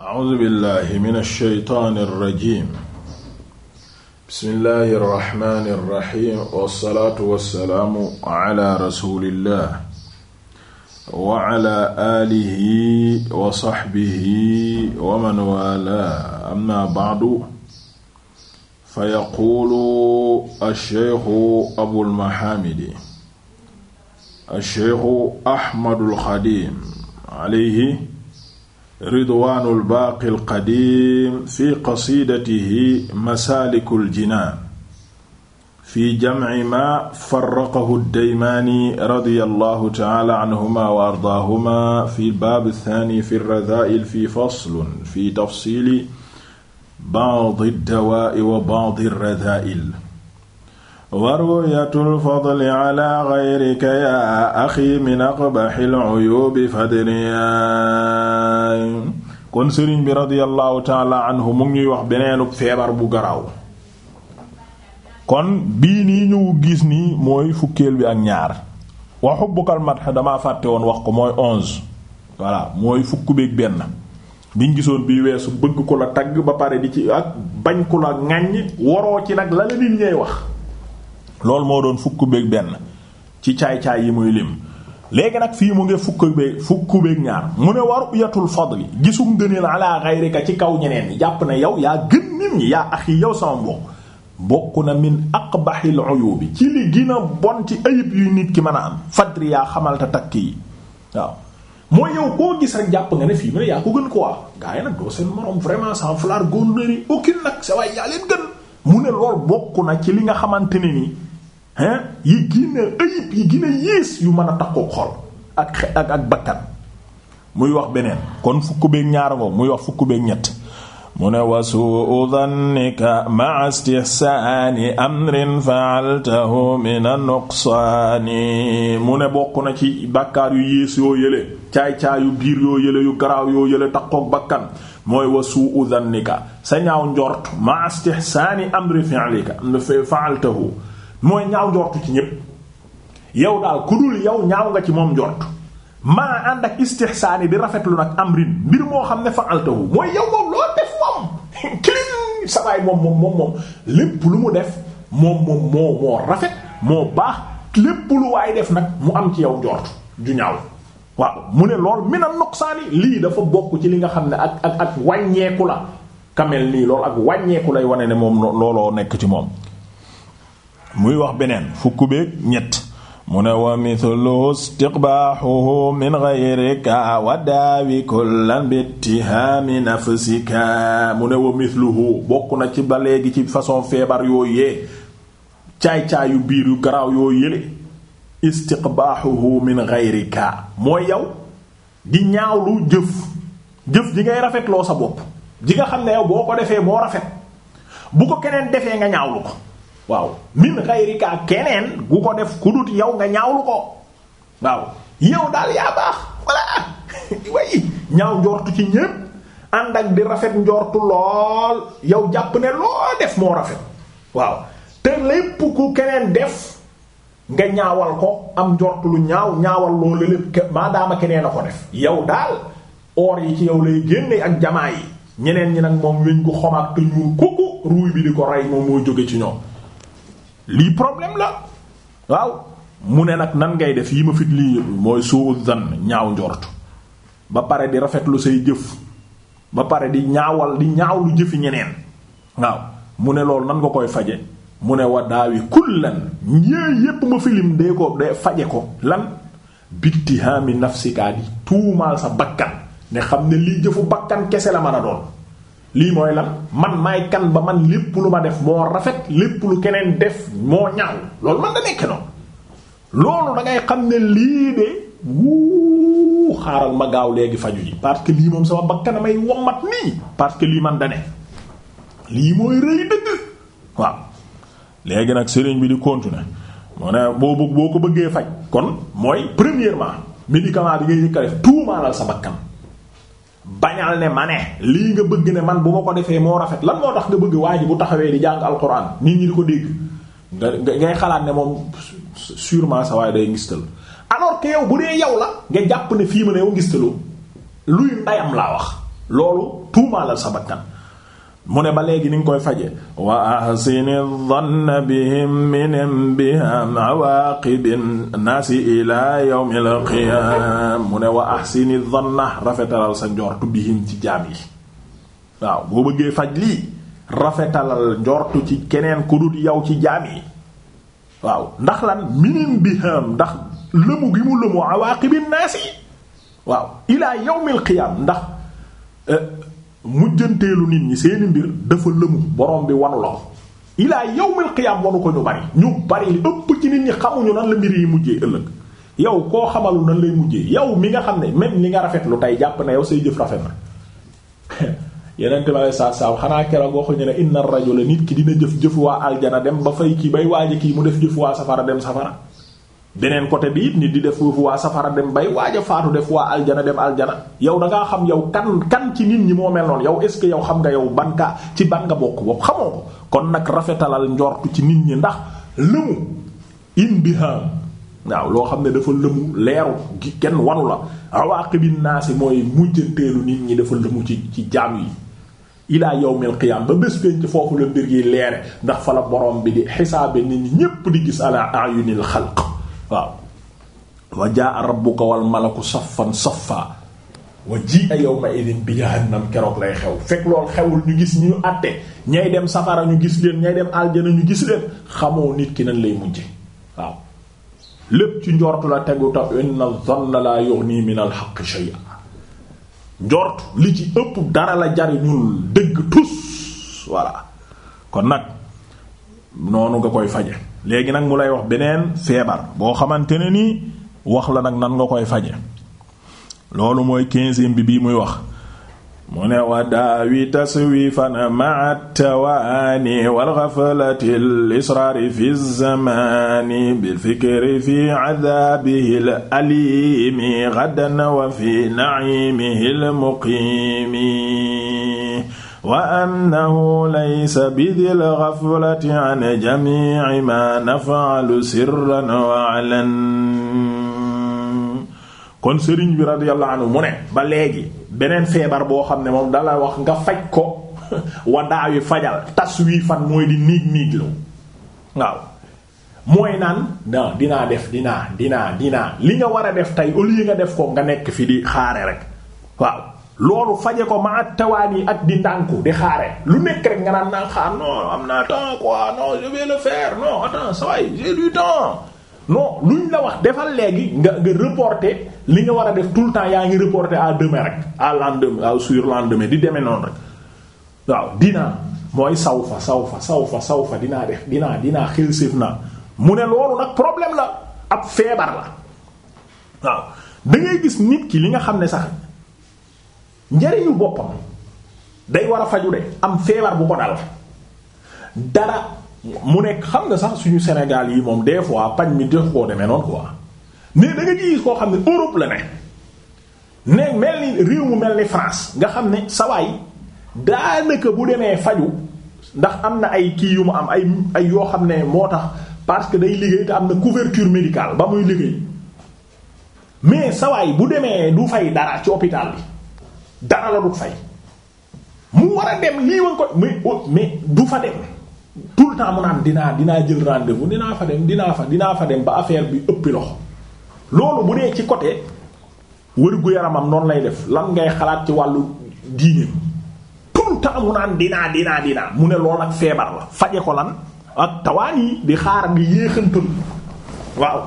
A'uuzu billaahi mina shaytaani rajiim. Bismillaahi rahmaani rahiim. Wassalaatu wassalaamu alaa rasuulillaah wa alaa aalihi wa sahbihi wa man waalaahu. Ammaa ba'du. Fayaquulu ash-shaykhu Abul Mahaamidi ash-shaykhu Ahmadul Xadiim alayhi ridwaanul baaqil qadiim fi qasiidatihi masaalikul jinaan fi jamci ma farraqahu ddaymaani radiyallahu ta'ala anhuma wa ardaahuma fi baabi thaani fi radaa'il fi faslun fi tafsiili ba'di ddawaa'i wa ba'di radaa'il wa ru'yatul fadli ala ghayrika yaa axi min aqbahil uyubi fadriyaay kon sëriñ bi radiyallahu taala anhu mu ngi ñuy wax beneenu feebar bu garaaw kon bii nii ñu gis nii mooy fukkeel bi ak ñaar wa hubbukal madh damaa fàtte woon wax ko mooy onze voilà mooy fukk beeg benn biñ gisoon bii weesu bëgg ko la tagg ba pare di ci ak bañ ko la ŋàññ waroo ci nag la la nit ñay wax loolu moo doon fukk beeg benn ci caay-caay yi muy lim léegi nag fii mu ngi fukk beeg fukk ñaar mu ne waru yatul fadli gisum gëneel ala ghayrika ci kaw ñeneen ñi jàpp na yow yaa gën nit ñi yaa axi yow sama mbokk bokk na min aqbahil uyubi ci li gën bon ci ayib yu nit ki mën a am fadri yaa xamal te takk yi waaw mooy yow koo gis rek jàpp nga ne fii mu ne yaa ko gën quoi gars yi nag doo seen morom vraiment sans flar góor nari aucune nag sa yaa leen bokk na ci li nga xamante ne hein yi gën a yi gën yées yu mën a takkoo xol ak ak ak bakkan muy wax beneen kon fukk beeg ñaara ngoog muy wax fukk beeg ñett mu ne wasuu dannika ma istihsaani amrin faaltahu min a nuqsaani mu ne bokk na ci bàkkaar yu yées yoo yële caay-caayu biir yoo yële yu garaaw yoo yële takkook bakkan mooy wasuu dannika sa ñaaw njort ma istihsaani amri fi'lika faaltahu mooy ñaaw njortu ci ñépp yow daal ku dul yow ñaaw nga ci moom njort maa ànd ak istihsaani di rafetlu nag amrin mbir moo xam ne fa'altahu mooy yow moom loo def moom kilin sabaay moom moom moom moom lu mu def moom moom moo rafet moo baax lépp lu waay def nag mu am ci yow njort ju ñaaw waaw mu ne lool mina nuqsaani lii dafa bokk ci li nga xam ne ak ak ak wàññeeku la kamel nii loolu ak wàññeeku lay wane ne moom looloo nekk ci moom muy wax beneen fukk beeg ñett mu ne wa mithluhu istiqbaahuhu min ghayrika wa daawi kullan bittihaami mu ne wa mithluhu bokk na ci ba léegi ci façon feebar yooyu yee caay-caayu biir yu garaaw yoo yële istiqbaahuhu min ghayrika mooy yow di ñaawlu jëf jëf ji ngay rafetloo sa bopp ji nga xam ne yow boo ko defee boo rafet bu ko keneen defee nga ñaawlu ko waaw min xayrika keneen gu ko def ku dut yow nga ñaawlu ko waaw yow daal yaa baax voilà way ñaaw njortu ci ñépp ànd ak di rafet njortu lool yow jàpp ne loo def moo rafet waaw te lépp ku keneen def nga ñaawal ko am njort lu ñaaw ñaawal loolu lépp maadaama keneen a ko def yow daal or yi ci yow lay génne ak jamaa yi ñeneen ñi nag moom weñ gu xomaag te ñuul kukku ruuy bi di ko rey moom moo jóge ci ñoom lii problème la waaw mu ne nag nan ngay def yi ma fit lii mooy suu zan ñaaw njort ba pare di rafetlu say jëf ba pare di ñaawal di ñaawlu jëfi ñeneen waaw mu ne lool nan nga koy faje mu ne wa daawi kullan ñee yépp ma filim dee ko de faje ko lan bittihami nafsika di tuumaal sa bakkan ne xam ne lii jëfu bakkan kese la mën a doon lii mooy lan man maay kan ba man lépp lu ma def moo rafet lépp lu keneen def moo ñaaw loolu man da nekk noonu loolu da xam ne lii de wuu xaaral ma gaaw léegi faju yi parce que lii moom sama bakkan may wommat nii parce que lii man da ne lii mooy rëy dëgg waaw léegi nag sëriñ bi di continuer moo ne boo boo ko bëggee faj kon mooy premièrement médicament bi ngay jëkka def tuumaalal sa bakkan bañal ne ma ne lii nga bëgg ne man bu ma ko defee moo rafet lan moo tax nga bëgg waa ji bu taxawee di jàng alquran nit ñi di ko dégg nga ngay xalaat ne moom sûrement sa waaye day ngistal alors que yow bu dee yow la nga jàpp ne fii ma ne yow ngistaloo luy ndayam laa wax loolu tuumaalal sa bakkan mu ne ba léegi ni nga koy faje wa ahsini dhanna bihim minem biham awaqibin nasi ila yawmil qiyam mu ne wa ahsini dhanna rafetalal sa njortu bihim ci jaam yi waaw boo bëggee faj lii rafetalal njortu ci keneen ku dul yow ci jaam yi waaw ndax lan minem biham ndax lëmu gi mu lëmu awaqibin naasi waaw ila yawmil qiyam ndax eh, mujjanteelu nit ñi seeni mbir dafa lëmu borom bi wanu la ilaa yawmil qiyaam wanu ko ñu bari ñu bari li ëpp ci nit ñi xamuñu nan la mbir yi mujjee ëllëg yow koo xamalu nan lay mujjee yow mi nga xam ne même li nga rafet lu tey jàpp na yow say jëf rafet na yeneen bi alei saatu salaam xanaa keroog waxuñu ne rajo la nit ki dina jëf jëf waa aljana dem ba fay kii bay waaja kii mu def jëf waa safara dem safara beneen côté bii it nit di def foofu waa safara dem bay waaja faatu def waa aljana dem aljana yow da xam yow kan kan ci nit ñi moo mel noonu yow est ce que yow xam nga yow ban ka ci ban nga bokk bopp xamoo ko kon nag rafetalal njortu ci nit ñi ndax lëmu imbiham waaw loo xam ne dafa lëmu leeru gi kenn wanu la naa si mooy mujjanteelu nit ñi dafa lëmu ci ci jaam yi ilaa yawmil qiyaam ba bés penc foofu la mbir yi leere ndax fa la borom bi di xisaabe nit ñi ñépp di gis ala ayunil xalq waaw wa jaa rabbuka wal malaku saffan saffa wa ji'a yawma idin bi jahannam keroog lay xew fekk lool xewul ñu gis ñu àtte ñay dem safara ñu gis leen ñay dem aljana ñu gis leen xamoo nit ki nan lay mujje waaw lépp ci njortu la tegu ta na dhanna la yughni min al shay'a njort li ci ëpp dara la jariñul dëgg tus voilà kon nag noonu nga koy faje léegi nag mu lay wax beneen feebar boo xamante ne nii wax la nag nan nga koy faje loolu mooy quinzième bi bii muy wax mu ne wa daawi taswifan ma'a tawaani wal ghaflati al israari wa fi na'imihi al wa annahu laysa bidil ghaflati bi radiyallahu anhu mu ba léegi beneen feebar boo xam ne moom dala wax nga faj ko wadaawi fajal fan mooy waaw mooy naan non dinaa def dinaa dinaa dinaa li nga war a def tey au lieu nga def ko nga nekk fi di xaare rek waaw loolu faje ko ma tawaan yi ak di ndànku di xaare lu nekk rek nga naan naa xaar non am naa temps quoi non je vais le faire non attends ça y j'ai du la wax defal léegi nga nga reporter li nga war a def tout le temps yaa ngi reporter à demain rek à lendemain à sur lendemain di demee noonu rek waaw dinaa mooy saw fa saw fa saw fa saw fa dinaa def dinaa dinaa xel séef naa mu ne loolu nag problème la ab feebar la waaw da gis nit ki li nga xam ne sax. njariñu boppam day war a faju de am feebar bu ko dal dara mu nekk xam nga sax suñu Sénégal yi moom des fois pañ mi def koo demee noonu quoi mais da koo xam ne Europe la ne ne mel ni réew mu mel ni France nga xam ne sawaay daanaka bu demee faju ndax am na ay kii yu mu am ay ay yoo xam ne moo tax parce que day liggéey te am na couverture médicale ba muy liggéey mais sawaay bu demee du fay dara ci hôpital bi dara la du fay mu war a dem lii woon ko mais oh, mais du fa dem tout le temps naan dinaa dinaa jël rendez-vous dinaa fa dem dinaa fa dinaa fa dem ba affaire bi ëppi loxo loolu bu ne ci côté wërgu yaramam noonu lay def lan ngay xalaat ci wàllu diineem tout le temps mu naan dinaa dinaa dinaa mu ne loolu ak feebar la faje ko lan ak tawaan yi di xaar di yéexantal waaw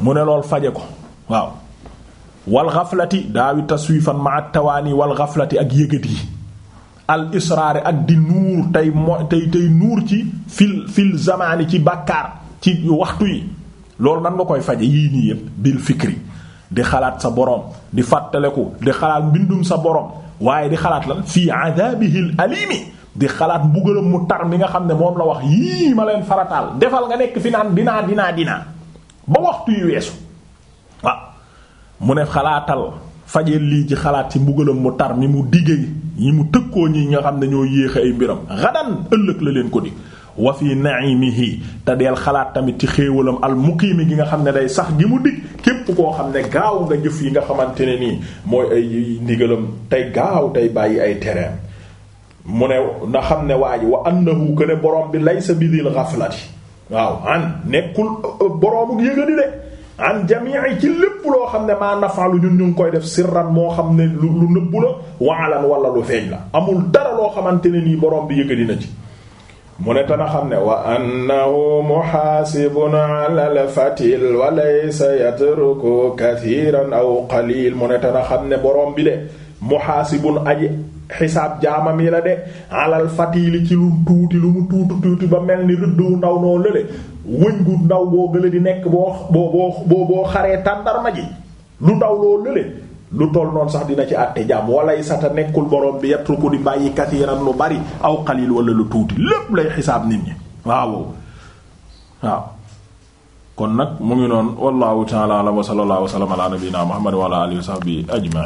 mu ne lool faje ko waaw wal xaflati daawi taswifan ma at tawaani wal xaflati ak yëgat yi al israari ak di nuur tey mo tey tey nuur ci fil fil zamaani ci bàkkaar ci waxtu yi loolu nan nga koy faje yii nii yépp di xalaat sa boroom di fàttaleku di xalaat mbindum sa boroom waaye di xalaat lan fii adabihil alimi di xalaat mbugalam mu tar mi nga xam ne moom la wax yii ma leen farataal defal nga nekk fi naan dinaa dinaa dinaa ba waxtu yu weesu mu ne xalaatal fajeel lii ci xalaat ci mbugalam mu tar mi mu diggee ñi mu tëkkoo ñi nga xam ne ñoo yéex ay mbiram xadan ëllëg la leen ko di wa fi na'imihi te deel xalaat tamit ci xéewalam al muqiimi gi nga xam ne day sax gi mu dig képp koo xam ne gaaw nga jëf yi nga xamante ne nii mooy ay ndigalam tey gaaw tey bàyyi ay tereem mu ne na xam ne waa ji wa annahu ne borom bi laysa bidil ghaflati waaw an nekkul euh, boroomu yëgadi de am jamii ci lépp loo xam ne maa nafaalu ñun ñu ngi koy def sirran moo xam ne lu lu nëbbu la waalan wala lu feeñ la amul dara loo xamante ne nii borom bi yëkkati na ci mu ne tana xam ne wa annahu muhaasibun ala al-fatil wa laysa yatruku kathiran aw qalil mu ne tana xam ne borom bi de muhaasibun aji xisaab jaamam yi la de alal fatili ci lu tuuti lu mu tuuti tuuti ba mel ni rëddu ndaw noo lële wëñ gu ndaw boo gële di nekk boo boo boo boo tàndarma ji lu ndaw loo lële lu toll noonu sax dina ci àtte jaam walay sata nekkul borom bi yattu ko di bàyyi kasiiran lu bari aw xalil wala lu tuuti lépp lay xisaab nit ñi waaw waaw kon nag mu ngi noonu wallahu ta'ala wa sallallahu wa sallama ala nabiyyina wa ala alihi wa